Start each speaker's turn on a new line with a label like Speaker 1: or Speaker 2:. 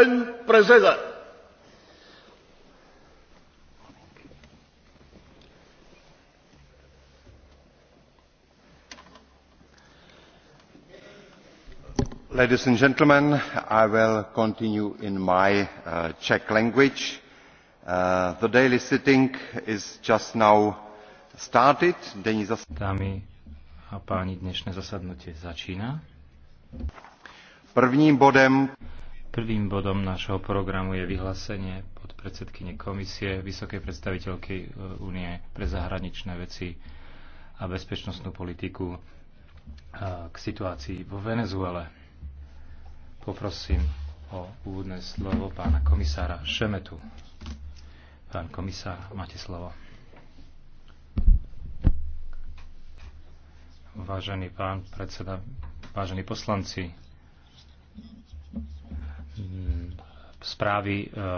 Speaker 1: Pán
Speaker 2: Ladies and gentlemen, I will continue in my uh, Czech language. Uh, the daily sitting is just now started.
Speaker 3: Denní zas- Dámy a páni, dnešné zasadnutie začína. Prvním bodem Prvým bodom našeho programu je vyhlásenie podpredsedkyne komisie Vysokej predstaviteľky e, únie pre zahraničné veci a bezpečnostnú politiku e, k situácii vo Venezuele. Poprosím o úvodné slovo pána komisára Šemetu. Pán komisár, máte slovo. Vážený pán predseda, vážení poslanci, správy